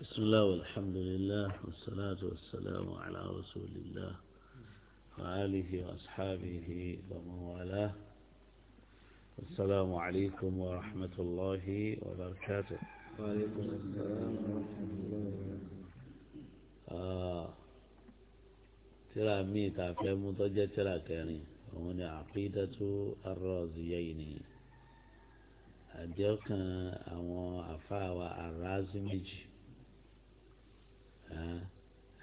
بسم الله والحمد لله والصلاة والسلام على رسول الله وآله وأصحابه ومن والاه السلام عليكم ورحمة الله وبركاته وعليكم السلام ورحمة الله وبركاته آه، ترى مي تعفي مضجة ترى كاني ومن عقيدة الرازيين أديوكا أو أفاوى الرازي مجي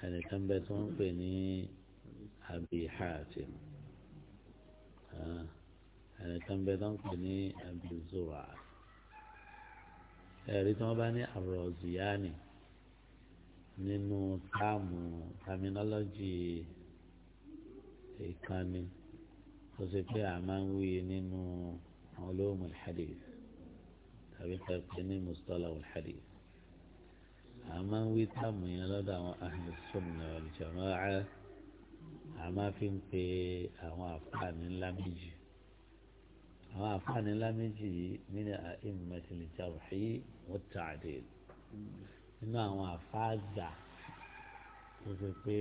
ẹnìkan bẹ tí wọ́n ń pè ní Abi Hatim ẹnìkan bẹ tí wọ́n ń pè ní Abi Zura ẹ̀rí tí wọ́n bá ní Ar-Raziani nínú táàmù terminology ìkànnì tó ṣe pé a máa ń wí nínú ulumul hadith tàbí ní mustalah al àmọ́ ń wí táàmù yẹn lọ́dọ̀ àwọn ahlùsùnà ọ̀lùjọ̀mọ́ra àmọ́ fi ń pe àwọn àfààní ńlá méjì àwọn àfààní ńlá méjì yìí nínú àìmọ̀tìlì jàrùhí wọ́n tà dé nínú àwọn àfáàgbà tó fi pé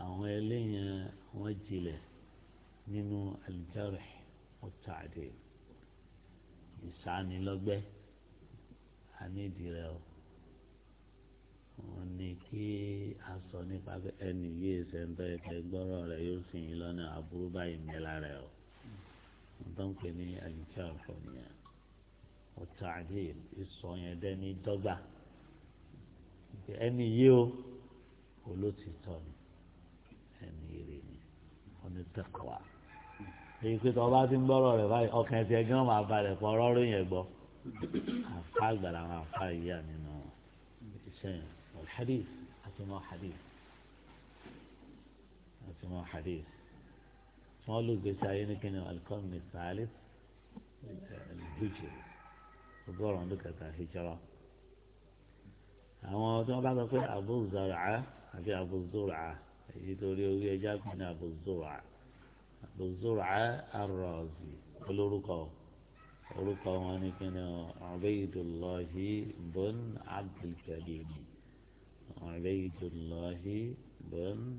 àwọn eléyàn wọ́n jilẹ̀ nínú àlùjọ̀rùhí wọ́n tà dé ìsánilọ́gbẹ́ ànídìí o wọ́n ní kí a sọ nípa pé ẹnì yìí ṣe ń tọ́ ẹ̀kẹ́ gbọ́rọ̀ rẹ̀ yóò sì yín lọ́nà àbúrú báyìí mẹ́la rẹ̀ o wọ́n tó ń pè ní àyíká ọ̀fọ̀ nìyẹn ọ̀tá àdé ìsọ yẹn dẹ́ ní dọ́gba ẹnì yìí o olótìtọ́ ni ẹnì rè ni onítẹ̀kọ̀wá èyí pé tọ́ bá ti ń gbọ́rọ̀ rẹ̀ báyìí ọkàn ẹ̀sìn ẹ̀gán máa balẹ̀ pọ̀ ọ̀rọ̀ rẹ̀ yẹn gbọ́ àfa àgbàlá àfa ìyá nínú iṣẹ́ yẹn. الحديث أسماه حديث أسماه حديث مولود بيسعين كان القرن الثالث الهجري الدور عندك الهجرة أما ما بعد أقول أبو الزرعة هذه أبو الزرعة يقول لي جاب من أبو الزرعة أبو الزرعة الرازي قلوا orúkọ wọn ni kí ni Ubaydullah bun Abdul Karim عبيد الله بن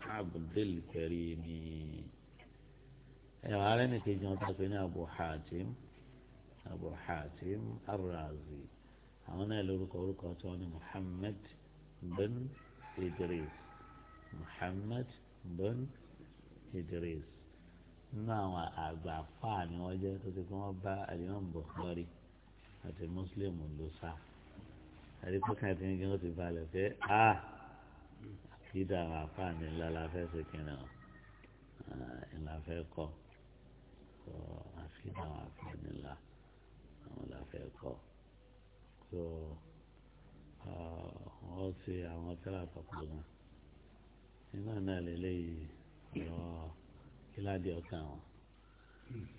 عبد الكريم العالم كيجون تقني أبو حاتم أبو حاتم الرازي هنا لورك ورك محمد بن إدريس محمد بن إدريس نعم أبا فاني وجهت تكون با الإمام بخاري أتي مسلم لصاف àdìpọ́kàn tí ń gbé ó ti balẹ̀ pé a kí dára apá mi ńlá la fẹ́ ṣe kìnnà ńlá fẹ́ kọ́ kọ́ àfi dára apá mi ńlá àwọn la fẹ́ kọ́ so wọ́n ti àwọn tẹ́lá àpapọ̀ gan nígbà náà lélẹ́yìí lọ kíládìí ọ̀tá wọn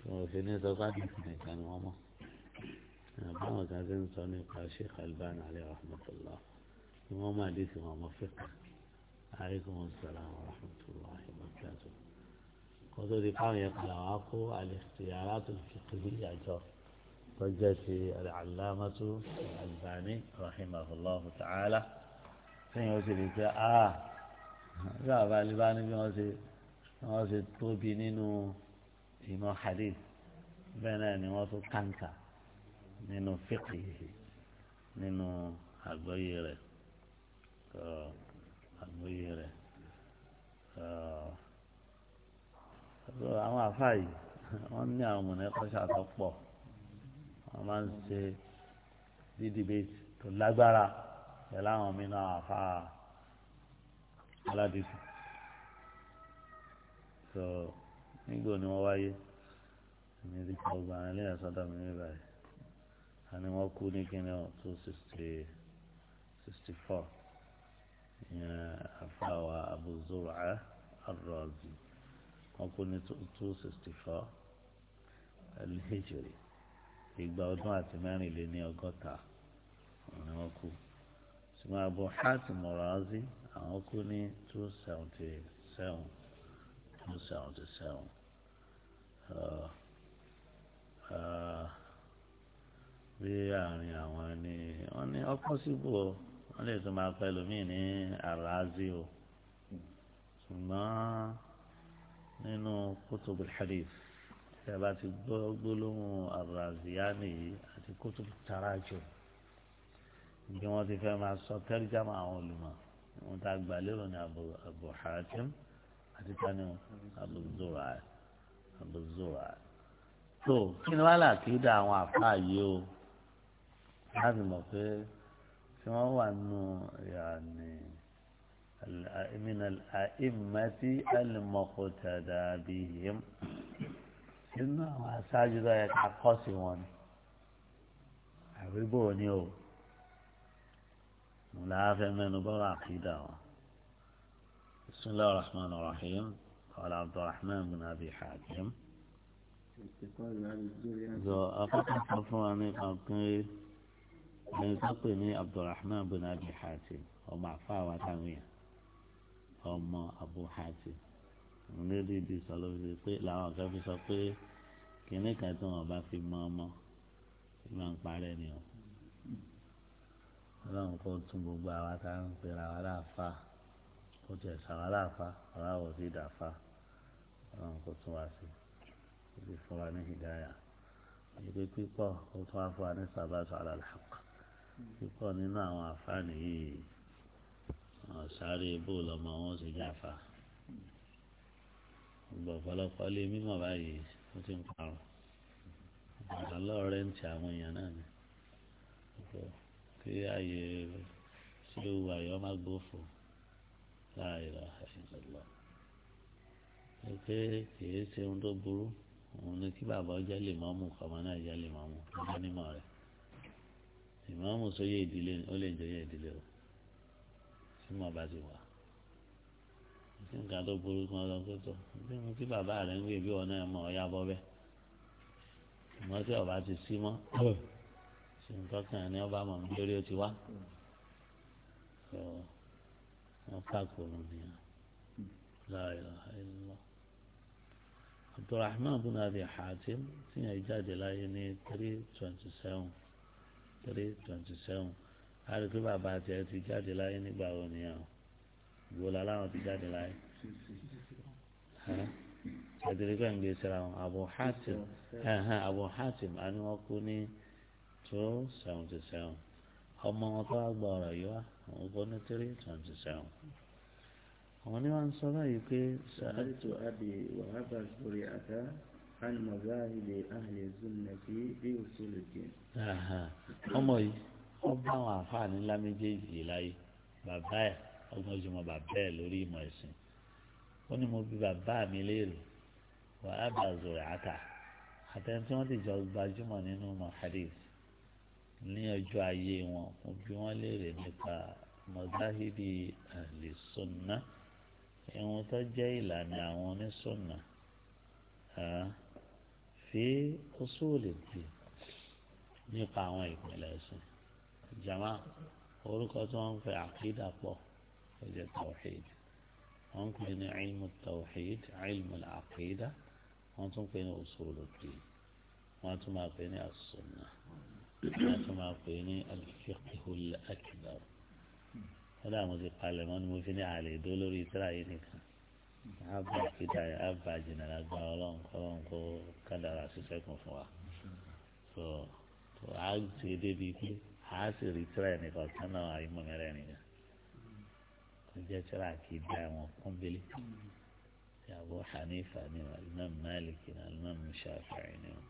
tí wọ́n fi ní sọ́kàdì nìkan ni wọ́n mọ̀ báwọn kan ṣe ń sọ nípa Sheikh Albani alayhi rahmatullah ni wọ́n máa dé sí wọn mọ́fíkà aleykum salaam wa rahmatullahi wa barakatuh kótó di káwọn yẹn kàlà wá kó al-ikhtiyaratu al-fiqhiyya àjọ tó jẹ́ ti al-allamatu al-Albani rahimahullahu ta'ala sẹ́yìn ó sì rí pé ah bí àbá alibani bí wọ́n ṣe wọ́n ṣe tóbi nínú ìmọ̀ hadith bẹ́ẹ̀ náà ni wọ́n tún kàǹkà nínú fíkìhì nínú àgbọ́yé rẹ̀ àgbọ́yé rẹ̀ àwọn àfáà yìí wọ́n ní àwọn mọ̀nẹ́kọ́ṣà tó pọ̀ wọ́n máa ń ṣe dídìbẹ́tì tó lágbára pẹ̀lú àwọn mìíràn àfáà aládìsí so nígbò ni wọ́n wáyé ní ìdíkọ̀ ọgbà ilé ẹ̀sọ́dọ̀ mi ní báyìí kan ní wọ́n kú ní kíni ọ̀ two sixty sixty four ìyẹn afáwa Abu Zur'a ar-Razi wọ́n kú ní two sixty four al-Hijri ìgbà ọdún àti mẹ́rin lé ní ọgọ́ta ni wọ́n kú ṣùgbọ́n Abu Hatim ar àwọn kú ní two seventy seven two seventy seven. Uh, uh, bí àárín àwọn ni wọ́n ní ọkùn síbò wọ́n lè tún máa pẹ́ lómìn ní àràázi o ṣùgbọ́n nínú kótóbù hadith tí a bá ti gbọ́ gbólóhùn àràáziyáni yìí àti kótóbù tarajù bí wọ́n ti fẹ́ máa sọ tẹ́rìjàmù àwọn olùmọ̀ wọn ta gbà lérò ní Abu Hatim àti tani Abu Zur'a tó kí ni wàhálà kí ó dá àwọn àfáà yìí o. هذا الموقف كما هو أنه يعني من الأئمة المقتدى بهم سيدنا ساجد آية عقاسي وان أبيبون يو ملافع من نبغى عقيدة بسم الله الرحمن الرحيم قال عبد الرحمن بن أبي حاتم استقال عن الدنيا ẹni tó pè ní abdulrahman bin abi hatim ọmọ àfáàwá táwọn yẹn ọmọ abu hatim nílùú ìdí sọlọ fi pé làwọn kan fi sọ pé kìnìún kan tí wọn bá fi mọ ọmọ tí wọn ń parẹ ni o Ọlọ́run kò tún gbogbo àwa tá à ń pera àwa láàfa kò tẹ sàwa láàfa ọ̀rọ̀ àwọ sí ìdàfa Ọlọ́run kò tún wá sí ibi fún wa ní hidaya ibi pípọ̀ ó tún wá fún wa ní sàbàtà alàlàkà púpọ̀ nínú àwọn àfáàní yìí wọn sáré bó lọmọ wọn sì jáfa gbogbo ọ̀pọ̀lọpọ̀ lé mímọ̀ báyìí ó ti ń parun ọ̀gá lọ́ọ̀rẹ́ ń ti àwọn èèyàn náà ni kí ààyè ṣé o wà yọ má gbófò láàyè rà ẹ̀yìn lọ. pé kìí ṣe ohun tó burú òun ni kí bàbá ọjọ́ lè mọ́mù kọ́mọ náà jẹ́ lè mọ́mù ọjọ́ nímọ̀ rẹ̀ ìmáàmù sóyè ìdílé ó lè jọyè ìdílé o tí mo bá ti wà tí nǹkan tó burú kan lọ pé tó bí mo ti bàbá rẹ ń wé bí ọ̀nà ẹ̀ mọ̀ ọ̀yá bọ́ bẹ́ẹ̀ ìmọ̀ tí ọba ti sí mọ́ ṣe nǹkan kan ní ọba mọ̀ ní orí ó ti wá wọ́n kàkùrù nìyẹn láàyè lọ. Abdulrahman bin Abi Hatim tí yẹn jáde láyé ní three twenty three twenty seven a rí pé bàbá tiẹ̀ ti jáde láyé nígbà wo nìyẹn o ìgbòlá láwọn ti jáde láyé ẹ̀dẹ̀rẹ̀gbẹ̀ ń gbé e síra wọn Abu Hatim Abu Hatim àni wọn kú ní two seventy seven ọmọ wọn tó wá gba ọ̀rọ̀ yìí wá wọn kú ní three twenty seven àwọn ni wọn sọ báyìí pé. sàlẹ̀ tó a bè wàhálà sórí àtà. عن مذاهب أهل السنة في أصول الدين. ọmọ yìí wọ́n bá àwọn àǹfààní ńlá méjèèjì láyé bàbá ẹ̀ ọgbọ́n jùmọ̀ bàbá ẹ̀ lórí ìmọ̀ ẹ̀sìn ó ní mo bí bàbá mi léèrè wà á bá zòrò àtà àtẹni tí wọ́n ti jọ gbajúmọ̀ nínú mohadis ní ọjọ́ ayé wọn mo bí wọ́n léèrè nípa mọ̀dáhìbì àlè sọ̀nà ìwọ̀n tó jẹ́ ìlànà àwọn onísọ̀nà. في أصول الدين nípa àwọn ìpìlẹ̀ ẹ̀sìn jama orúkọ tí wọ́n ń pè àkídà pọ̀ ó jẹ́ tawhid wọ́n ń pè ní ilmu tawhid ilmu àkídà wọ́n tún pè ní usuluddin wọ́n tún máa pè ní as-sunnah wọ́n tún máa pè ní al-fiqhul akbar wọ́n dà mo ti palẹ̀ mọ́ ni mo fi ní àlè dó lórí tíra yìí nìkan. àbá fìdáyà àbá jìnnàlá gbà ọlọ́run kọ́lọ́run kó kádàrà ṣiṣẹ́ kan fún wa so tó a ṣe débi pé a sì rí tíra ẹ̀ nìkan kan náà àyímọ̀ mẹ́rẹ̀ nìyẹn tó jẹ́ tíra kì í dá wọn kúnbélé Abu Hanifa ni wọn alimam Malik ni alimam Shafi'i ni wọn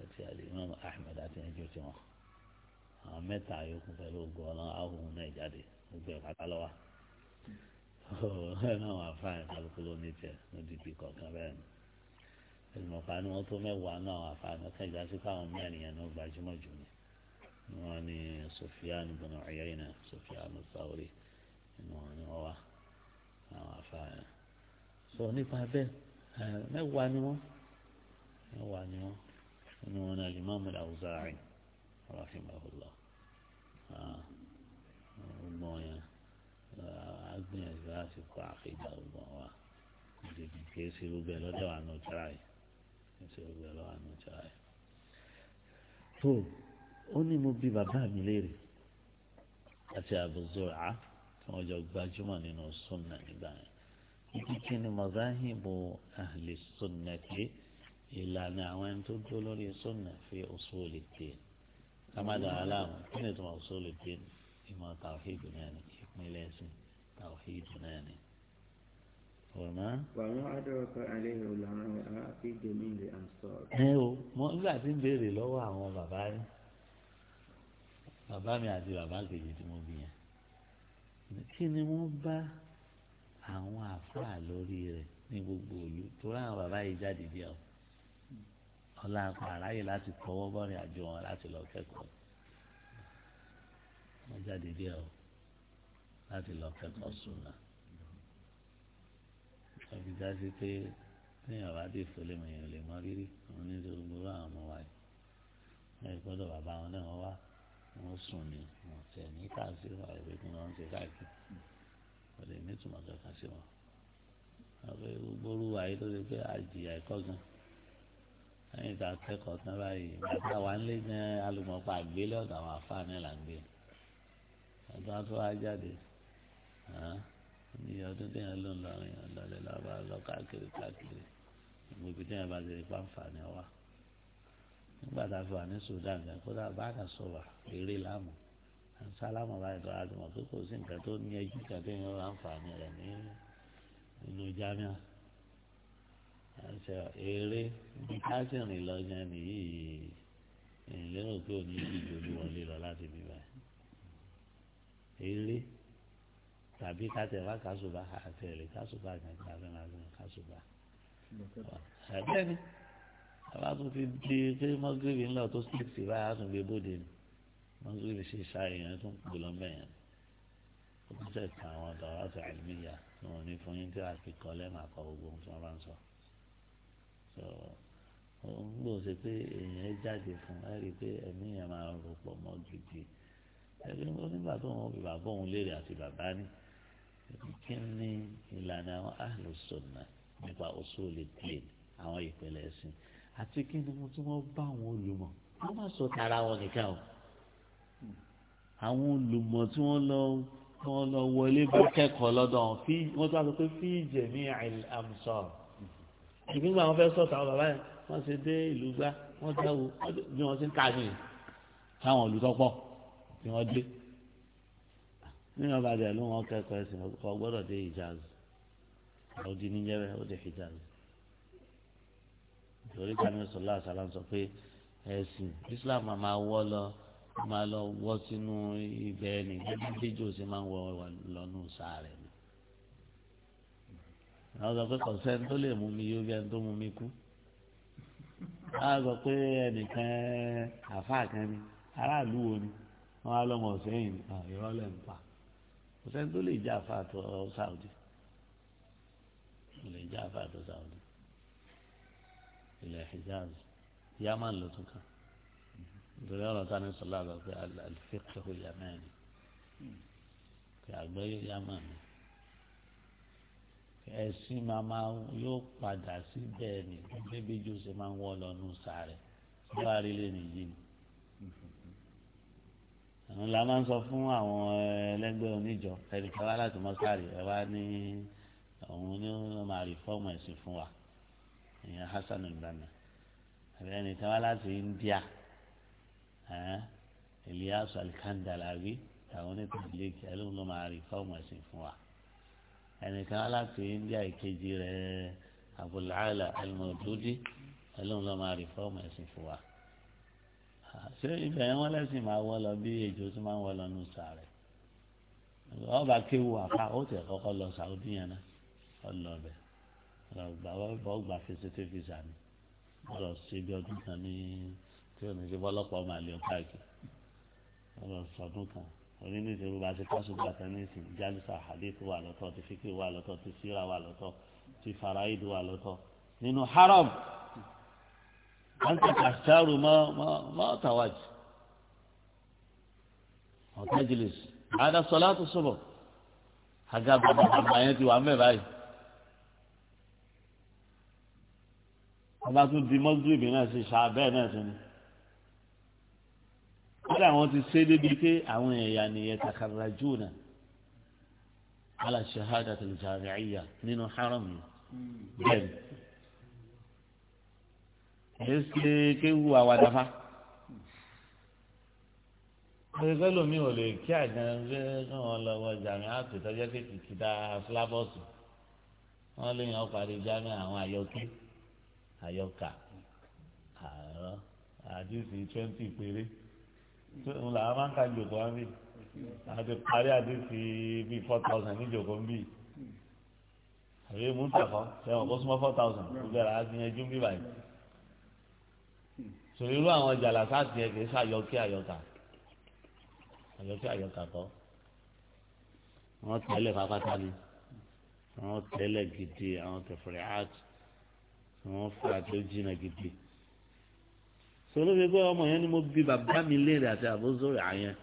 àti alimam Ahmed àti ẹjọ́ tí wọn àwọn mẹ́ta yòókù pẹ̀lú ògùn ọlọ́run ahùn náà jáde gbogbo pátá lọ́wọ́ ọ̀hún àwọn kálukú ló ní tiẹ̀ níbi kọ̀ọ̀kan bẹ́ẹ̀ ni ìmọ̀fà ni wọ́n tó mẹ́wàá náà àwọn àfáà náà kẹ́gà fáwọn mẹ́rin yẹn náà gbajúmọ̀ jù ni wọ́n ní Sufyan ibn Uyayna Sufyan Thawri inú wọn ni wọ́n wá àwọn àfáà yẹn sọ nípa bẹ́ẹ̀ mẹ́wàá ni wọ́n mẹ́wàá ni wọ́n inú wọn náà Imam al rahimahullah ọgbọ́n yẹn agbìyànjú àsìkò àkídà ọgbọ̀n wa ìdìbò kìí ṣe gbogbo ẹ̀ lọ́dẹ̀ wà nù tíra yìí kìí ṣe gbogbo ẹ̀ lọ́wọ́ nù tíra yìí. tó ó ní mo bí bàbá mi léèrè àti àbùzọ̀rà tí wọ́n jọ gbajúmọ̀ nínú sunna nígbà yẹn kíkí ni mọ̀záhìbò ahli sunna pé ìlànà àwọn ẹni tó dúró lórí sunna fi usul al-din ká má dàá kí ni ìtumọ̀ usul al-din ìmọ̀ tàwíìdù náà ni ìpínlẹ̀ ẹ̀sìn tàwíìdù náà ni. wàmọ́. wàmọ́ adọ́rọ̀kọ alẹ́ ìlànà àfi jẹ́mi lè à ń sọ. ẹ o mo nígbà tí ń béèrè lọ́wọ́ àwọn bàbá rí bàbá mi àti bàbá kejì tí mo bí yẹn kí ni wọ́n bá àwọn àfúrà lórí rẹ̀ ní gbogbo òlu torí àwọn bàbá yìí jáde díẹ̀ o ọlá àráyè láti tọwọ́ bọ́rin àjọ wọn láti lọ kẹ́kọ̀ọ́ wọn jáde díẹ̀ o láti lọ kẹ́kọ̀ọ́ súnà ẹbí dájú pé téèyàn bá dé ìfọlẹ́ mọ̀ èèyàn lè mọ rírì àwọn oníṣòwò gbogbo àwọn ọmọ wa yìí ẹ gbọ́dọ̀ bàbá wọn náà wá wọn sùn ní wọn tẹ ní káàsì wà ìwé kí wọn ṣe káàkiri kò lè ní ìtumọ̀ kankan sí wọn. àwọn gbogbo olúwa yìí ló lè pé àjìyà ẹ̀kọ́ gan lẹ́yìn tá a kẹ́kọ̀ọ́ tán báyìí bàbá wa ń lé gan alùpùpù àgbélé ọ̀dọ̀ àwọn àfáà náà là ń ní ọdún tí yẹn ló ń lọrin ọ̀dọ́lẹ̀ lọ́ba lọ káàkiri káàkiri gbogbo ibi tí yẹn bá ti rí pàǹfààní wa nígbà tá a fi wà ní Sudan gan kódà báàkà sọ̀rọ̀ eré láàmú sálámù láì tọ́ àti mọ̀ pé kò sí nǹkan tó ní ẹjú kan tó yẹn wà ǹfààní rẹ̀ ní inú jámíà àṣẹ eré bí káṣíìrìn lọ́jà nìyí ìlérò pé òní ìdíje olúwọlé lọ láti bí báyìí eré tàbí kátẹ wá kásùbà àtẹrẹ kásùbà kankan abẹ́rẹ́ abẹ́rẹ́ kásùbà. ẹgbẹ́ ni àbá tó ti di pé mọ́gírìbì ńlọ tó sèkìtì báyà tún gbé bóde ni mọ́gírìbì ṣe ṣàyẹn tó ń pè lọ́mọ yẹn ó ti sẹ̀ ka àwọn ọ̀dọ́rọ̀ àti àlùmíyà tí wọ́n ní fún yín tí a fi kọ́ lẹ́nu àkọ́ gbogbo ohun tí wọ́n bá ń sọ. ó ń gbòòsè pé èèyàn jáde fún ẹ rí i pé ẹ̀mí yẹn máa rò pọ̀ mọ́ gidi ẹbí wọn nígbà tó wọn fi bàbá òun léèrè àti bàbá ní kí ni ìlànà àwọn ahlu sunnah nípa usuli din àwọn ìpìlẹ̀ ẹ̀sìn àti kí ni mo tún wọ́n bá àwọn olùmọ̀ wọ́n má sọ tara wọn nìkan o àwọn olùmọ̀ tí wọ́n lọ tí wọ́n lọ wọlé bá kẹ́kọ̀ọ́ lọ́dọ̀ wọn fi wọ́n tó a sọ pé fi jami'il amsar ìpínlẹ̀ àwọn fẹ́ sọ̀tà àwọn bàbá yẹn wọ́n ṣe dé ìlú gbá wọ́n jáwó bí wọ́n ṣe ń kà ní táwọn olùtọ́pọ̀ tí wọ́n dé nínú ọba àdìẹ ló wọn kẹ́kọ̀ọ́ ẹ̀sìn ọkọ gbọ́dọ̀ dé hijaz àwòdì níjẹrẹ ó dé hijaz torí kanu sọlá àṣàlá sọ pé ẹ̀sìn islam máa wọ lọ máa lọ wọ sínú ibẹ̀ ẹni gẹ́gẹ́ bí jòsí máa ń wọ lọnù sáré ni àwọn sọ pé kọ̀sẹ́ni tó lè mú mi yó bí ẹni tó mú mi kú a pé ẹnìkan àfáà kan ni aráàlú wo ni wọn á lọmọ sẹ́yìn ìrọ̀lẹ́ ah, ń pa kò sẹ́ni tó lè já fàtọ̀ sáwùdì lè já fàtọ̀ sáwùdì ilẹ̀ hijaz yaman ló tún kàn nítorí ọ̀rọ̀ tá ní sọ̀lá àgbà pé àlùfíkìhù yamani pé àgbẹ̀yọ yaman ni ẹ̀sìn màmá yóò padà síbẹ̀ ni bébí jù ṣe máa ń wọ́ lọ nù sáré bá rí lè nìyí ni òun la máa ń sọ fún àwọn ẹlẹgbẹ́ oníjọ ẹnìkan wá láti mọ́sálì ẹ wá ní òun ní máa rí fọ́ọ̀mù ẹ̀sìn fún wa ìyẹn Hasan al-Banna àbí ẹnìkan wá láti India Elias al-Kandalawi àwọn onítàlẹ́kì ẹlòmí ló máa rí fọ́ọ̀mù ẹ̀sìn fún wa ẹnìkan wá láti India ìkejì rẹ̀ Abul Ala al-Mawdudi ẹlòmí ló máa rí fọ́ọ̀mù ẹ̀sìn fún wa ṣé ibẹ̀ yẹn wọ́n lẹ́sìn máa wọ́ lọ bí èjò tó máa ń wọ́ lọ nù sàrẹ̀ ọba kéwu àfa ó tẹ̀ kọ́kọ́ lọ sàúdí yẹn náà ọlọ́ọ̀bẹ̀ ọgbà fèsìtì fìsà ni wọ́n lọ sí ibi ọdún kan ní tí ò ní ṣe bọ́lọ́pọ̀ máa lè káàkiri wọ́n lọ sọdún kan oníníṣẹ́rú bá ti kásùkú àtẹnísì jálùsà hadith wà lọ́tọ̀ ti fíkì wà lọ́tọ̀ ti síra wà lọ́tọ̀ ti faraidu wà lọ́tọ̀ nínú haram أنت تختار ما ما ما تواج وتجلس هذا صلاة الصبح حاجة بمعينتي وعمي باي ọba tún di mọ́gírìbì náà ṣe ṣàbẹ́ náà ṣe ni kódà àwọn ti ṣe débi pé àwọn èèyàn nìyẹn takara jù náà ala shahadatul jami'iyya nínú haram yìí hmm. bẹ́ẹ̀ èsì kéwu àwàdàfà pẹ̀lú lomi ò lè kí àgbọn gbé kí wọ́n lọ wọ jàmí àti tọ́jú pé kìkì dá fúlábọ́ọ̀sì wọ́n lè yàn parí jàmí àwọn àyọkí àyọkà àárọ̀ àdìsí twenty péré ń là á máa ń ka jòkó wá bí àti parí àdìsí bíi four thousand ní jòkó ń bì àbí mú tẹ̀kọ́ sẹ́wọ̀n kó súnmọ́ four thousand gbogbo ẹ̀ láti yanjú bí báyìí sọ irú àwọn jàlásá tiẹ̀ kì í ṣàyọkí àyọkà àyọkí àyọkà kọ́ wọ́n tẹ́lẹ̀ pápátá ni wọ́n tẹ́lẹ̀ gidi àwọn tẹ̀fẹ̀rẹ̀ art wọ́n fẹ́ àti ó jìnnà gidi sọlọ́ fi gbọ́ ọmọ yẹn ni mo bí bàbá mi léèrè àti àbózórè àyẹn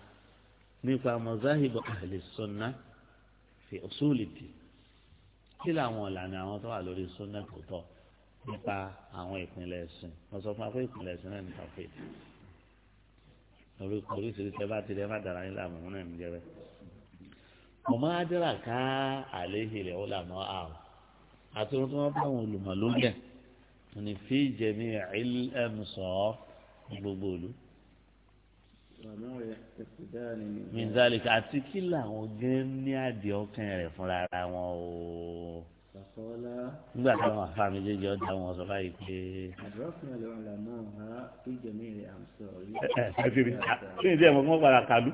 nípa mọ̀záhìbọ̀ ahli sunna fi usuli ti kí làwọn ọ̀làní àwọn tó wà lórí sunna kò tọ́ nípa àwọn ìpìlẹ̀ ẹ̀sìn wọ́n sọ fún wa pé ìpìlẹ̀ ẹ̀sìn náà ní tàwíìd lórí oríṣiríṣi ẹ bá ti rẹ má dara yín láàmú òun náà ń jẹrẹ. mo máa dẹ́ra ká àléhìí rẹ̀ ó lànà àrùn àti ohun tí wọ́n bá àwọn olùmọ̀ lórí ẹ̀ ní fi jẹ̀mí ẹ̀m sọ gbogbo òlu. mizalik àti kí làwọn gẹ́ẹ́ ní àdìọ́kàn rẹ̀ fúnra wọn o nígbà táwọn afá méjèèjì ọjà wọn sọ báyìí pé. ẹ fi mi ta kí ni tí ẹ mọ kí wọn padà kàlú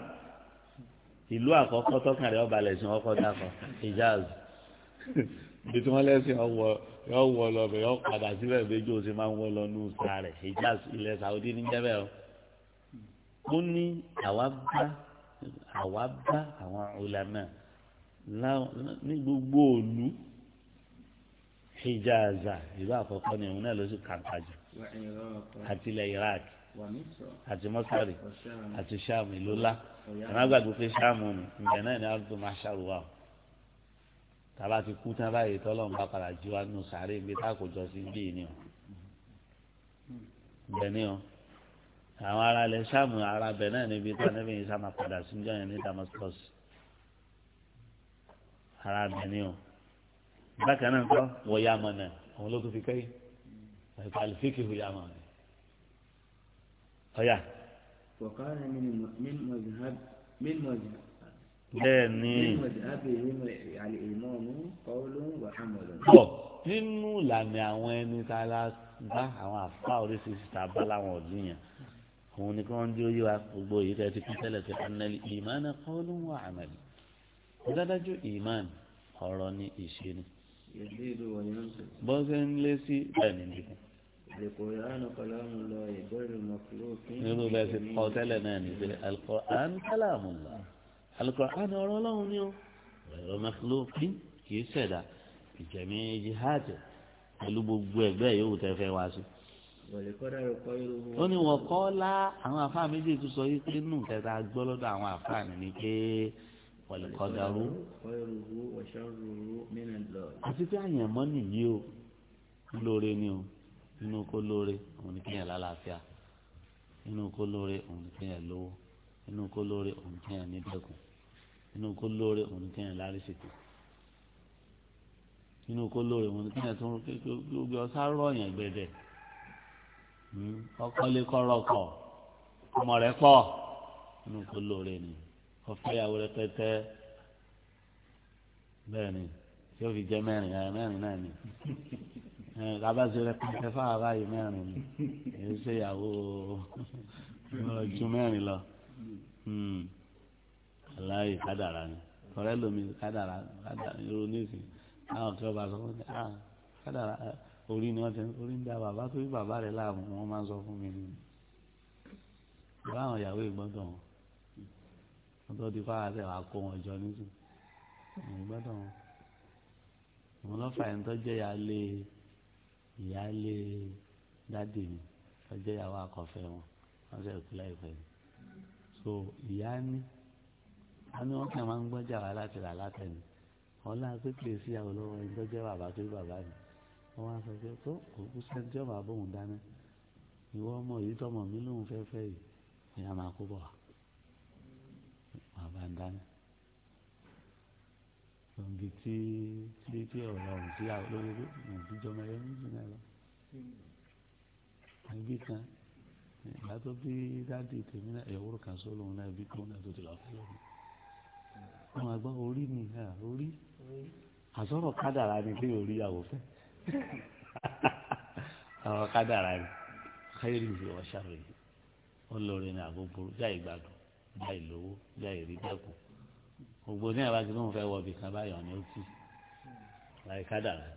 ìlú àkọ́kọ́ tọkàn rẹ ọba lẹsìn ọkọ dàkọ Hijaz ibi tí wọn lẹsìn ọwọ yọ wọ lọ bẹ yọ padà síbẹ̀ méjì ó sì máa ń wọ lọ ní ìta rẹ Hijaz ilẹ̀ Saudi ní jẹ́bẹ̀ o. mo ní àwa bá àwa bá àwọn ọ̀làmẹ́ ní gbogbo òlu hijaza ìlú àkọ́kọ́ ni òun náà ló sì kàńkà jù àti ilẹ̀ iraq àti mọ́sálì àti sàmù ìlú ńlá àwọn àgbàgbọ́ pé sàmù ni ìgbà náà ni arúgbó máa ṣàrùwà o tàbá ti kú tán báyìí tọ́lọ́mù bá padà jí wa nù sàárè ibi tá a sí bíi ni o bẹ́ẹ̀ ni o àwọn ará ilẹ̀ sàmù ará bẹ́ẹ̀ náà níbi tá a níbi yìí padà sí níjọ́ ní damascus ará bẹ́ẹ̀ ni o bákan náà kọ́ wọ́n yá mọ̀ náà àwọn ló tún fi kẹ́yìn ẹ̀ka àlùfíkì wọ́n yá mọ̀ náà. ọ̀yà. wọ̀kárẹ̀ mímọ̀ bẹ́ẹ̀ ni. bọ̀ nínú ìlànà àwọn ẹni tá a la bá àwọn àfa oríṣiríṣi tá a bá láwọn ọ̀dún yẹn òun ni kí wọ́n dúró yíwa gbogbo èyí tẹ́ ti kú tẹ́lẹ̀ tẹ́ anẹ́lì ìmánà kọ́ ló ń wà àmàlì. dádájú ìmánì ọ̀rọ̀ ni ìṣe ni bọ́sẹ̀ ń lé sí bẹ́ẹ̀ni nìkan. nínú bẹ́ẹ̀ ti kọ́ tẹ́lẹ̀ náà ní pé alukur'an kalamullah alukur'an ọ̀rọ̀ ọlọ́run ni ó ẹ̀rọ mẹ́kúlófì kì í ṣẹ̀dá ìjẹ̀mí jihadi pẹ̀lú gbogbo ẹgbẹ́ yòówù tẹ́ fẹ́ wá sí. ó ní wọ́n kọ́ lá àwọn afáà méjì tó sọ yìí pé nù kẹta gbọ́ lọ́dọ̀ àwọn afáà ní pé wàlùkọ́dárú. àti pé àyànmọ́ nìyí o lóore ni o inú kó lóore òun ni kéèyàn lálàáfíà inú kó lóore òun ni kéèyàn lówó inú kó lóore òun ni kéèyàn nídẹ̀kùn inú kó lóore òun ni kéèyàn lárísìkò inú kó lóore òun ni kéèyàn tó ń gbé ọsá rọ̀yàn gbẹdẹ hmm, ọkọ lè kọ́ rọkọ̀ ọmọ rẹ̀ pọ̀ inú kó lóore ni ọfẹ yàwó rẹpẹtẹ bẹ́ẹ̀ ni tí ó fi jẹ mẹ́rin ẹ mẹ́rin náà ni ẹ labasi rẹpẹtẹ fáwọn abáyé mẹ́rin ni èyí ṣe yàwó ju mẹ́rin lọ hmm. aláyè kádàrà ni ọ̀rẹ́ lomi kádàrà irú nísìn àwọn kí ọba sọ fún mi ah kádàrà orí ni wọn ti orí ń da bàbá tó bí bàbá rẹ láàmú wọn máa ń sọ fún mi ni ìwà àwọn ìyàwó ìgbọ́dọ̀ wọn wọn tó di fáwọn àti àkó wọn jọ nísìn wọn gbọ́dọ̀ wọn wọn lọ fà yín tó jẹ ìyáálé ìyáálé dádì mi tó jẹ ìyàwó akọfẹ wọn wọn sì kú láìpẹ́ ni so ìyá ni a ní wọn kàn máa ń gbọ́jà wá láti rà látẹnu ọlá pípé sí àwọn olówó ẹni tó jẹ bàbá tó bàbá mi wọn wá sọ pé tó òkú sẹńtì ọmọ abóhùn dáná ìwọ ọmọ yìí tọmọ mi lòún fẹ́ fẹ́ yìí ni máa kó bọ̀ wá dáná ibi tí tí tí ọ̀rọ̀ ọ̀hún sí lórí pé nàìjíríà jọmọ ẹyẹ méjì náà lọ ibi kan ìgbà tó bí dáàdi tèmi náà ìyàwó kan sólòun náà ibi kan náà tó ti lọ fẹ́ lónìí wọn máa gbọ́ orí mi náà orí àsọ̀rọ̀ kádàrá ni pé orí ìyàwó fẹ́ àwọn kádàrá ni káyọ̀rì ìwọ̀ṣà rẹ̀ ó lóore ní burú jáì gbádùn bí àìlówó bí àìrí dẹ́kun gbogbo ní ìyàbá tí wọn fẹ́ wọ ibì kan báyọ̀ ní òtí láì kádàrá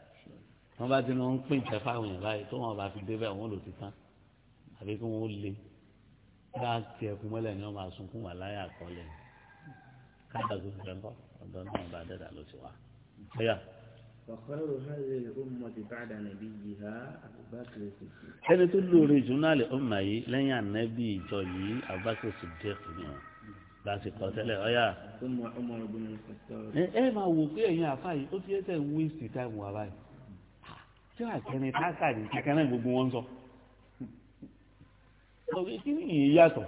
wọn bá ti ní wọn ń pín ìfẹ́ fáwọn èèyàn báyìí tó wọn bá fi débẹ̀ wọn lò ti tán àbí kí wọn ó le bá a ti ẹkún mọ́lẹ̀ ni wọ́n máa sunkún wà láyé àkọọ́lẹ̀ káàdà tó fẹ́ kọ́ ọ̀dọ́ náà bá dẹ́dà ló ti wá. ẹni tó lóore jù náà lè ọmọ yìí lẹ́yìn ànábì ìjọ yìí Abubakar Siddiq ni wọn lásìkò tẹ́lẹ̀ ọ̀yà. ẹ máa wò pé ẹ̀yin àfáàyè ó ti ẹsẹ̀ ń wéèsì táìmù wa báyìí tí wàá kẹrin táàkà ní kankan náà gbogbo wọn sọ. ọ̀gbìn kí ni ìyẹn yàtọ̀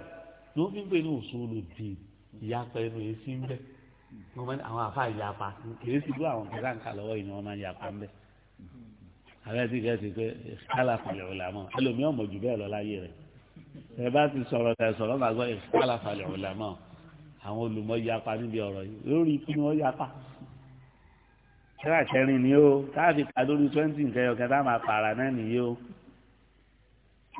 ló fi ń pè ní òṣòlù di ìyapa ẹnu yẹn ń bẹ́ àwọn àfáà yapa kìí sì dúró àwọn kankan kà lọ́wọ́ yìí ni wọ́n máa ń yapa ń bẹ́. àbẹ́ ti kẹ́ ti pé kálá falẹ̀ ọ̀la mọ́ ẹlòmíràn mọ̀ bẹ́ẹ̀ lọ láyé rẹ̀ ẹ bá ti sọ̀rọ̀ tẹ̀ sọ̀rọ̀ màgbọ́ ìkálà falẹ̀ ọ̀la mọ́ àwọn olùmọ̀ yapa níbi ọ̀rọ̀ yìí lórí kí ni wọ́n yapa tíra kẹrin ni ó káàfi ká lórí twenty nǹkan ọ̀kẹ́ tá a máa pààrà náà nìyí ó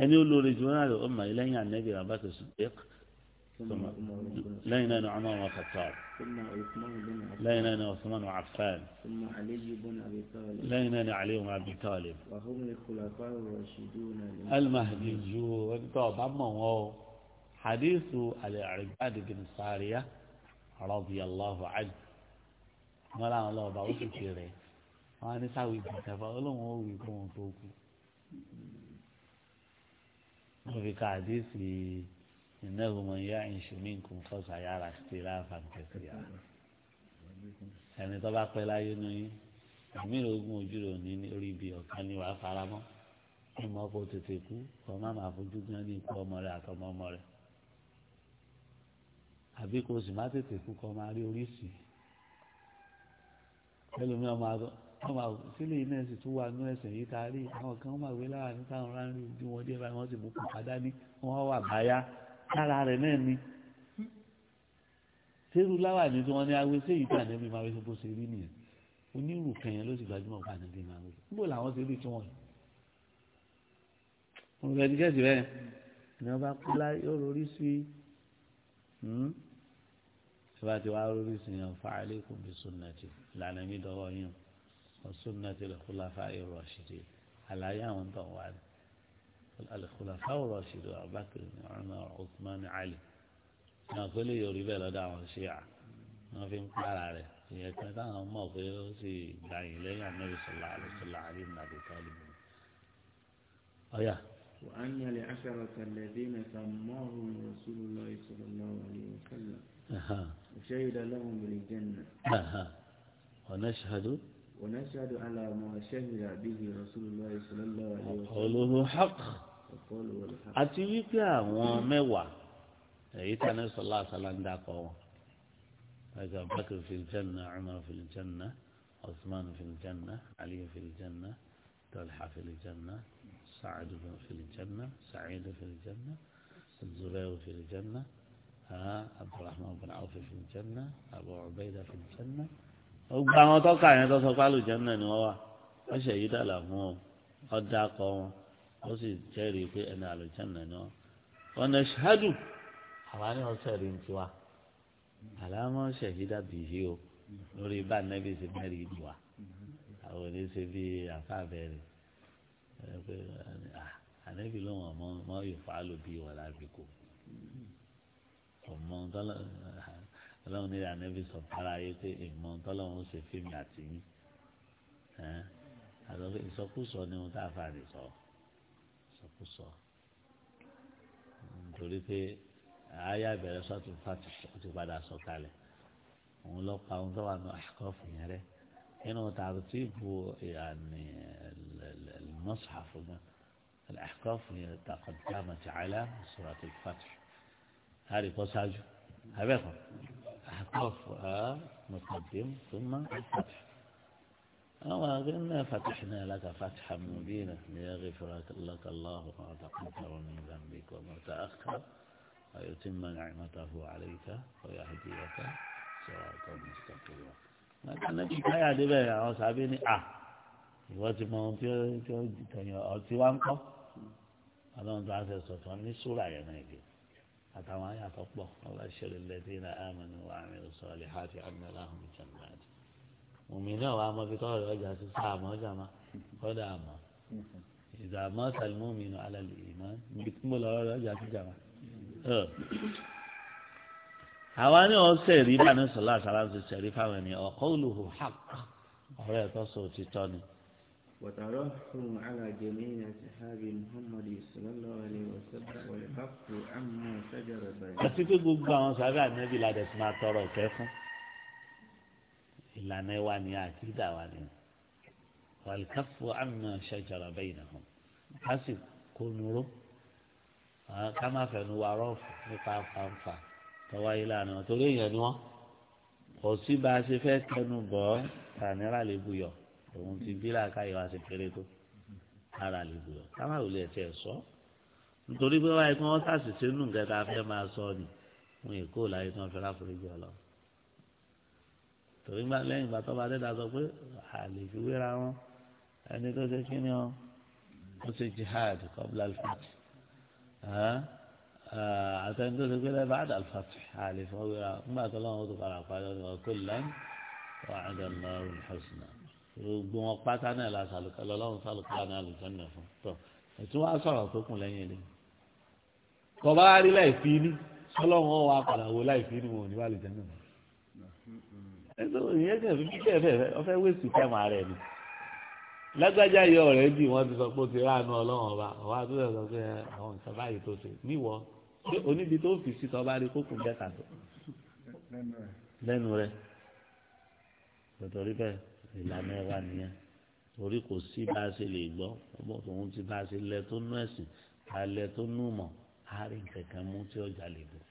ẹni olórí jù náà lọ ọmọ yìí lẹ́yìn ànẹ́bí rabat sùpẹ́k lẹ́yìn náà ni ọmọ wọn kàtọ́ lẹ́yìn náà ni Usman wọn Affan lẹ́yìn náà ni Ali wọn Abi Talib al-Mahdi ju ẹni tó ọba mọ̀ wọn o. حديث على عباد بن سارية رضي الله عنه ما لا الله كيري كيره أنا سوي بكفا ولا ما هو يكون توكو وفي حديث إنه من يعيش منكم فسيرى اختلافا كثيرا ẹni tó bá pẹ́ láyé nu yín ẹ̀mí ìrògùn ojú rò ní orí ibi ọ̀kan ni wàá faramọ́ ọmọ àbí kò sì má tètè kú kọ́ máa rí oríṣi ẹlòmíì ọmọ àgọ́ ọmọ àgọ́ sílé iná ẹ̀sìn tó wà nínú ẹ̀sìn yìí tá a rí àwọn kan máa wé lára nípa àwọn rárí bí wọ́n dé báyìí wọ́n sì mú kùkà dání wọ́n wà báyà lára rẹ̀ náà ni sẹ́rù láwà ní tí wọ́n ní awé sí èyí tí ànábì máa wé sí bó ṣe rí nìyẹn onírù kẹyìn ló sì gbajúmọ̀ fún ànábì máa wé níbo làwọn ṣe rí tí wọ́n yìí mo rẹ̀ ní kẹ́sì bẹ́ẹ̀ ni wọ́n bá kú láyé ó rorí sí i ìbá hmm? ti wá rúbí sí yàn fa alaykum bi sunnati ìlànà mi dọwọ́ yín wa sunnati al-khulafa'i ar-rashidin àlàyé àwọn tó wà ní al-khulafa'i ar-rashidin Abubakar Umar Uthman Ali náà kó lè yọrí bẹ́ẹ̀ lọ́dọ̀ àwọn ṣíà wọ́n fi ń para rẹ̀ ìyẹn kan táwọn mọ̀ pé ó sì gbàyìn lẹ́yìn Ànábì sallallahu alaihi wa sallam àlè nàbẹ̀tọ́lù ọ̀yà. وأن لعشرة الذين سماهم رسول الله صلى الله عليه وسلم أها وشهد لهم بالجنة أها ونشهد ونشهد على ما شهد به رسول الله صلى الله عليه وسلم وقوله حق وقوله الحق أتيك يا وميوة أيتا نسأل الله صلى الله عليه وسلم هذا بكر في الجنة عمر في الجنة عثمان في الجنة علي في الجنة طلحة في الجنة سعد في الجنة سعيد في الجنة الزبير في الجنة عبد الرحمن بن عوف في الجنة أبو عبيدة في الجنة gbogbo àwọn tọ́ka yẹn tó sọ pálù jẹ́nà ni wọ́n wà wọ́n ṣe èyí dàlà fún ọ ọ dákọ wọn ó sì jẹ́rìí pé ẹni àlùjẹ́nà ni wọ́n. ọ̀nà ṣáàdù àwa ni wọ́n sẹ̀rí ń tiwa àlámọ́ ṣèyídà bìyí o lórí bá nẹ́bí ṣe mẹ́rin ìdùwà àwọn oníṣẹ́ bíi àfáàbẹ̀rẹ̀ ànẹ́bí ló wọn mọ mọ ìfà ló bí wà lábìkú ọmọ tọ́lọ́run nílẹ̀ ànẹ́bí sọ fara ayé pé ìmọ̀ tọ́lọ́run ṣe fíìmù àti yín àtọ́fẹ́ ìsọkúsọ ni wọn tá a fà ní sọ ìsọkúsọ nítorí pé àyà ìbẹ̀rẹ̀ sọ́tù fàtì ti padà sọ kalẹ̀ òun lọ pa ohun tó wà ní àkọ́fù yẹn rẹ nínú tààtì bu ìhànì المصحف الأحقاف هي قد قامت على سورة الفتح هذه قصاجه هذا أحقاف آه، مقدم ثم الفتح إن فتحنا لك فتحا مبينا ليغفر لك الله ما تقدم من ذنبك وما تأخر ويتم نعمته عليك ويهديك صراطا مستقيما. لكن النبي قاعد دبي يا صاحبيني أه ìwọ ti mọ ohun tí ó tí ó tẹ̀yìn ọtí wá ń kọ́ ọlọ́run tó á ṣe sọ̀tọ̀ ní sùúrà yẹn náà ìgbé àtàwọn ayé àtọ́pọ̀ ọlọ́ṣẹ́lẹ̀ lẹ́tí ní àmàlù wà ní sọ̀lẹ̀ àti àmàlù àhùn ìjàmbáàdì. mùmí náà wàá mọ fi tọ́wọ́ ọjà sí sáàmọ́ jàmá kọ́dà àmọ́ ìdààmú sàlmùmí nù alàlè ìmọ̀ níbi tí mo lọ́wọ́ وترحم على جميع أصحاب محمد صلى الله عليه وسلم والحق عما شجر بينهم. àti pé gbogbo àwọn sábẹ́ ànábì la dẹ̀sí máa tọrọ ìkẹ́ fún ìlànà wa ni àkídà wa ni wàlùkàfù àmà ṣàjàrà bainahum ká sì kónúró ká má fẹnu wa rọ́ọ̀fù nípa fanfa tọwọ́ ìlànà torí èèyàn ni wọ́n kò sí bá a ṣe fẹ́ kẹnu bọ́ tànírà lè buyọ̀ òun ti bí làákàyè wa ṣe kéré tó ara lè gbé ọ káwọn ò lè tiẹ̀ sọ nítorí pé wáyé kí wọ́n ṣàṣìṣe nù kẹta fẹ́ máa sọ ni wọn èkó láyé tí wọ́n fẹ́ láforíjì ọ lọ torí gbà lẹ́yìn ìgbà tó bá dé dasọ pé àlè fi wéra wọn ẹni tó ṣe kí ni ọ ó ṣe jihad kọ́bílà alifati àtẹni tó ṣe pé lẹ́bàá àdà alifati àlè fi wéra nígbà tó lọ́wọ́ tó fara pa ẹ̀ ọ́ kó lẹ́yìn wàá gbogbo wọn pátá náà la sàlùkà lọ́lọ́run sàlùkà náà lùjọ́nà fún tọ́ ẹ̀tún wá sọ̀rọ̀ tó kùn lẹ́yìn ilé kọba rí láìpí inú sọlọ́run ọ̀ wá padà wo láìpí inú wọn ní wà lùjọ́nà fún. ẹ̀sọ́ ìyẹn kẹ̀ fi kíkẹ́ ẹ̀fẹ́ ọ̀fẹ́ wéṣì ara ẹ̀ ni lágbájá yọ ọ̀rẹ́ bí wọ́n ti sọ pé ó ti ráàánú ọlọ́run ọba ọba tó sọ pé àwọn nǹkan báyìí tó ṣe níwọ oníbi tó fi sí tọ́ba rí kókùn bẹ́ẹ̀ kàtó lẹ́nu rẹ̀ lọ́tọ̀ rí ìlànà ẹwà nìyẹn torí kò sí bá a ṣe lè gbọ́ òun ti bá a ṣe lẹ tó nú ẹ̀sìn alẹ tó nú mọ̀ á rí kẹ̀kẹ́ mú tí ọjà lè bọ̀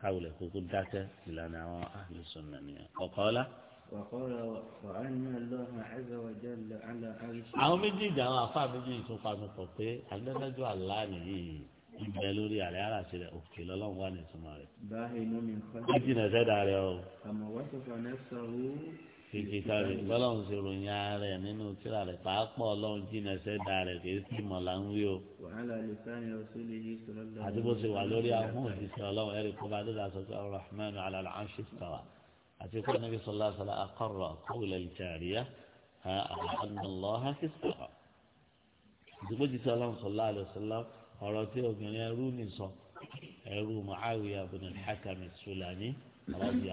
káwọlẹ̀ kókó dákẹ́ ìlànà àwọn àlùsùn nìyẹn ọ̀kọ́ ọ̀la. àwọn méjìdì àwọn afá méjìdì tó panu pọ̀ pé alẹ́dájọ́ àlá nìyí ìbẹ lórí àlẹ́ àràsí rẹ̀ òkè lọ́lọ́run wà ní ìtumọ̀ rẹ̀. báyìí ló ní kọ́lá. ó jìnà sẹ́dá rẹ̀ fìkìtà rẹ̀ bọ́lọ́run ṣe ròyìn ara rẹ̀ nínú tíra rẹ̀ pàápọ̀ ọlọ́run jìnnà ṣẹ̀dá rẹ̀ kì í sì mọ̀ là ń wí o. àti bó ṣe wà lórí ahọ́n òṣìṣẹ́ ọlọ́run ẹ̀rí kó bá dídá sọ pé Ar-Rahman ala al-arshi istawa àti kó níbi sọlá sọlá aqarra qawla al-jariyah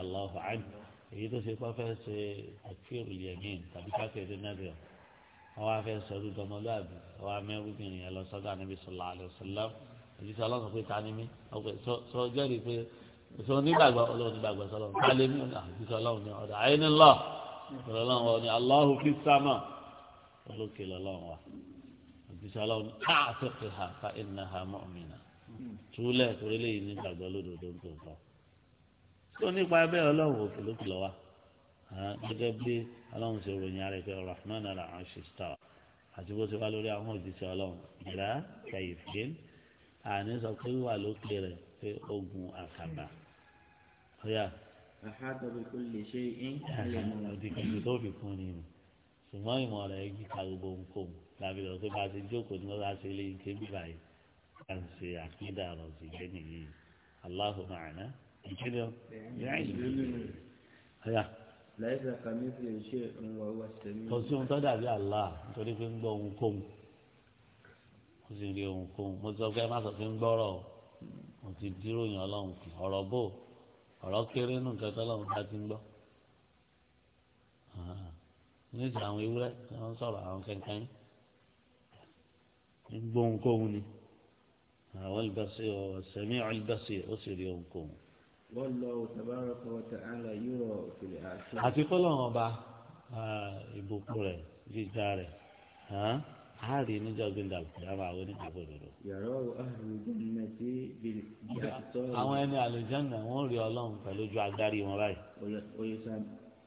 anna Allaha èyí tó ṣe kọ́ fẹ́ ṣe àkíyèrò yẹ̀mín tàbí káfíńtì mẹ́rin àwọn afẹ́ sọ́dún dọmọlúàbí àwọn amẹ́rúbìnrin yẹn lọ sọ́dọ̀ àníbi sọ̀lá àlùsọ̀lá òjíṣẹ́ ọlọ́run pé ta ni mí ọ̀pẹ sọ jẹ́rìí pé sọ onígbàgbọ́ ọlọ́run nígbàgbọ́ sọlọ́run ká lé mi ọ̀dà òjíṣẹ́ ọlọ́run ní ọ̀dà àyínní lọ ọlọ́run wọn ni aláhu fi tó nípa bẹ́ẹ̀ ọlọ́run òkè ló kìlọ̀ wa gẹ́gẹ́ bí ọlọ́run ṣe ròyìn ara ìfẹ́ rahman ala anshi star àti bó ṣe wá lórí àwọn òjíṣẹ́ ọlọ́run ìlà kẹyìfín àní sọ pé wà lókè rẹ̀ pé ogun àkàbà ọ̀yà. àhádọ́ bí kò lè ṣe é ń kílẹ̀ mọ́. ìdíkejì tó fi kún ni ṣùgbọ́n ìmọ̀ rẹ̀ yí ká gbogbo nǹkan tàbí lọ pé bá jókòó ní wọ́n bá ṣe lé ike bíbáyìí à ṣe àkídà rọ̀ gẹ́gẹ́ nìyí Allahu ma'ana ìkéde ọ ọyà. láìsí àkàmì fi ṣe ìwà wa sẹ́mi. kò sí ohun tó dàbí àlá nítorí pé ń gbọ́ ohunkóhun mo sì rí ohunkóhun mo sọ pé má sọ pé ń gbọ́rọ̀ o mo ti dúró yàn ọlọ́run kù ọ̀rọ̀ bò ọ̀rọ̀ kéré nù kẹtọ́ ọlọ́run bá ti ń gbọ́. Ah, níta àwọn ewúrẹ́ tí wọ́n sọ̀rọ̀ àwọn kẹ̀kẹ́ ń gbọ́ ohunkóhun ni àwọn ìbáṣe ọ̀sẹ̀mí ọ̀lbáṣe ó sì rí ohunkóhun àti kọ́lọ́run ọba ìbùkún rẹ̀ jíjà rẹ̀ a rí níjọ́ gbẹ̀ndà kìlámà àwọn oníkàbọ̀ lòdò. àwọn ẹni àlùjánnà wọ́n rí ọlọ́run pẹ̀lú ojú agbárí wọn báyìí.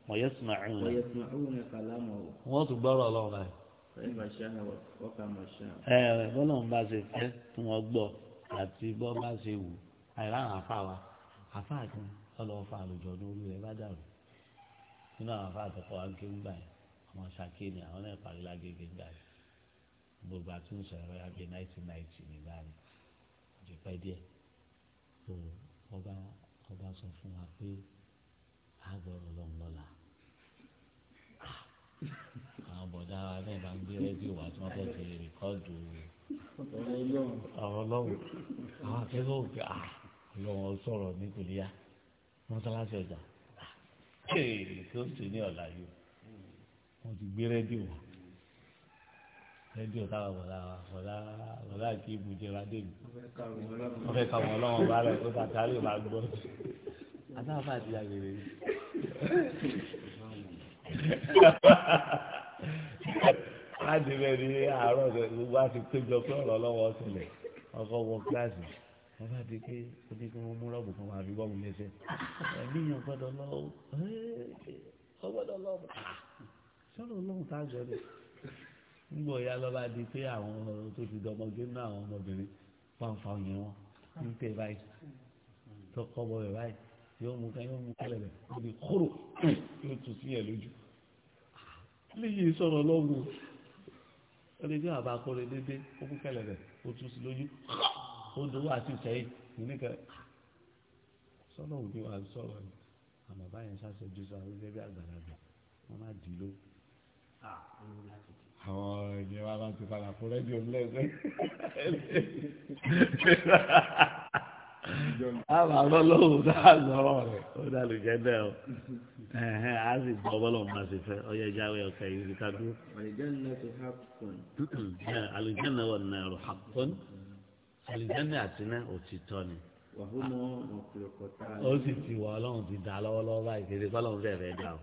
wọ́n yẹ sùnmọ̀ ẹ̀hún rẹ̀. wọ́n tún gbọ́rọ̀ ọlọ́run báyìí. ẹ̀ẹ́dẹ̀ bọ́lọ́run bá ṣe fẹ́ tí wọ́n gbọ́ àti bọ́ bá ṣe wù àìláhàn afá àfáà kan ọlọ́wọ́ fa àlùjọ ní orí rẹ̀ bá dàrú nínú àwọn àfáà kọ́ wa ń ké yẹn àwọn sàké ni àwọn náà parí lágbègbè ńgbà yẹn gbogbo àti ń sọ̀rọ̀ ya bíi nineteen ninety nígbà yẹn ọjọ́ pẹ́ díẹ̀ tó ọba ọba sọ fún wa pé àgbọ̀rọ̀ lọ́n lọ́la àwọn bọ̀dá wa náà máa ń gbé rédíò wá tí wọ́n fẹ́ ti rìkọ́dù ọ̀rọ̀ ọlọ́run àwọn akẹ́kọ̀ọ́ òkè ọlọ́wọ́n sọ̀rọ̀ ní kòlíyà mọ́sálásí ọjà kéèrè tó ń ṣe ní ọ̀la yìí wọ́n ti gbé rédíò wọn rédíò táwọn bọ̀dá bọ̀dá bọ̀dá kí ibùjẹ́ wa dé mi wọ́n fẹ́ ka wọn lọ́wọ́ bá rẹ̀ kó sàkárì máa gbọ́ adáfà ti àgbèrè yìí láti bẹ́ẹ̀ ni àárọ̀ gbogbo àti péjọ pé ọ̀rọ̀ lọ́wọ́ sílẹ̀ ọkọ̀ wọ kíláàsì ẹ bá di pé ó ní kí wọ́n mú rọ́ọ̀bù kan wàá fi bọ́ọ̀mù lẹ́sẹ̀ ẹ̀mí yẹn gbọ́dọ̀ lọ ọ gbọ́dọ̀ lọ ah, sọ́dọ̀ ọlọ́run tá a jọ rẹ̀ nígbà ọ̀yá lọ bá di pé àwọn tó ti dọmọgé náà àwọn ọmọbìnrin fáńfà yẹn wọn ń tẹ báyìí tó kọ́ bọ̀ rẹ̀ báyìí yóò mú ká yóò mú kálẹ̀ rẹ̀ ó di kóró yóò tù sí yẹn lójú ah, léyìí sọ̀rọ̀ lọ́wọ́ ó ó dowó àti ìṣẹ́yìn nìkan sọ́nà òbí wa sọ̀rọ̀ ni àmọ́ báyìí ṣáṣẹ́ ju sọ àwọn ẹgbẹ́ àgbàlagbà wọ́n má dì í ló. Ah, àwọn ìyẹn wa máa ti padà fún rẹ́díò lẹ́sẹ̀. àwọn alọ́lọ́wọ́ tá a lọ́rọ̀ rẹ̀ ó dàlù jẹ́ bẹ́ẹ̀ o a sì gbọ́ bọ́lọ̀ máa sì fẹ́ ọ yẹ jáwé ọkọ̀ yìí ká dúró. àlùjánnà wà nàró hàpọ́n àlìjẹ́nì àti iná òtítọ́ ni. ó sì ti wọ ọlọ́run ti dá lọ́wọ́lọ́wọ́ báyìí kéde kọ́lọ́run fẹ́ẹ́ fẹ́ẹ́ dá o.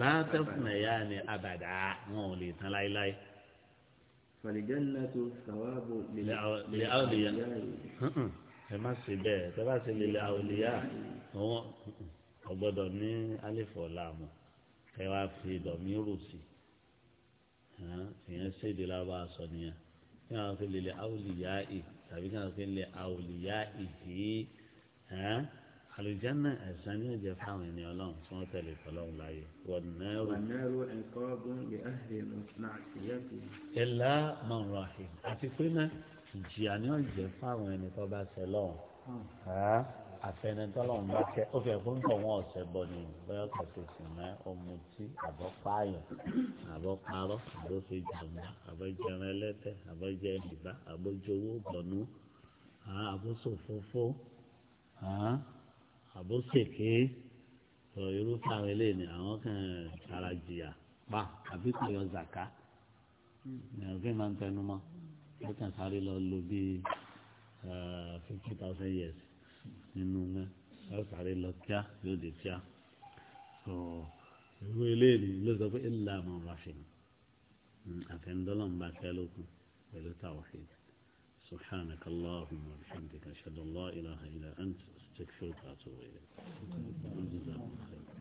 látẹ̀fún ẹ̀yà ni àbàdà wọn ò lè tán láéláé. fàlìjẹ́nì tó sàwábò lè àwòlíyà. ẹ má ṣe bẹ́ẹ̀ tẹ́ bá ṣe lè àwòlíyà wọn ọgbọ́dọ̀ ní alẹ́fọ̀ ẹ wá fi dọ̀mí rù sí ìyẹn ṣèdè lábàá sọ nìyẹn kí wọn fi lè awùlìyá ì tàbí kí wọn fi lè awùlìyá ìdí àlùjáná ẹ̀sán ní ìjẹ fáwọn ènìyàn ọlọ́run tí wọ́n tẹ̀lé ọlọ́run láàyè wọ́n náírù. wọ́n náírù ẹ̀kọ́ ọgbọ́n lè áhìrì mọ̀tìmá àtìlẹ́kùn. ẹ̀là mọ̀rọ̀ àhìn àti pé náà ìjìyà ni ó fáwọn ẹni tó bá ṣẹ àfẹnitọ́lọ́run bá kẹ́ ó fẹ́ fún tọ̀ wọn ọ̀sẹ̀ bọ̀ ni bóyá kẹsẹ̀ sì mẹ́ ọmọ tí àbọ̀ pààyàn àbọ̀ parọ́ àbọ̀ fi jàmbá àbọ̀ jẹran ẹlẹ́tẹ̀ àbọ̀ jẹ ìbá àbọ̀ jowó bọ̀nú àbọ̀ sòfófó àbọ̀ sèké sọ irúfẹ́ àwọn eléyìí ni àwọn kan tara jìyà pa àbí kò yọ zàká ní ọ̀gbìn máa ń tẹnu mọ́ ó kàn sáré lọ lo bíi eh, fifty thousand years. nínú náà ọ̀sàrí lọ kíá yóò dé kíá sọ ìwé eléyìí ló sọ pé ilà àmọ́ ràfin àfẹnudọ́lọ́mùbá kẹ́lókun pẹ̀lú tawhid سبحانك اللهم وبحمدك أشهد الله إله إلا أنت استغفرك وأتوب إليك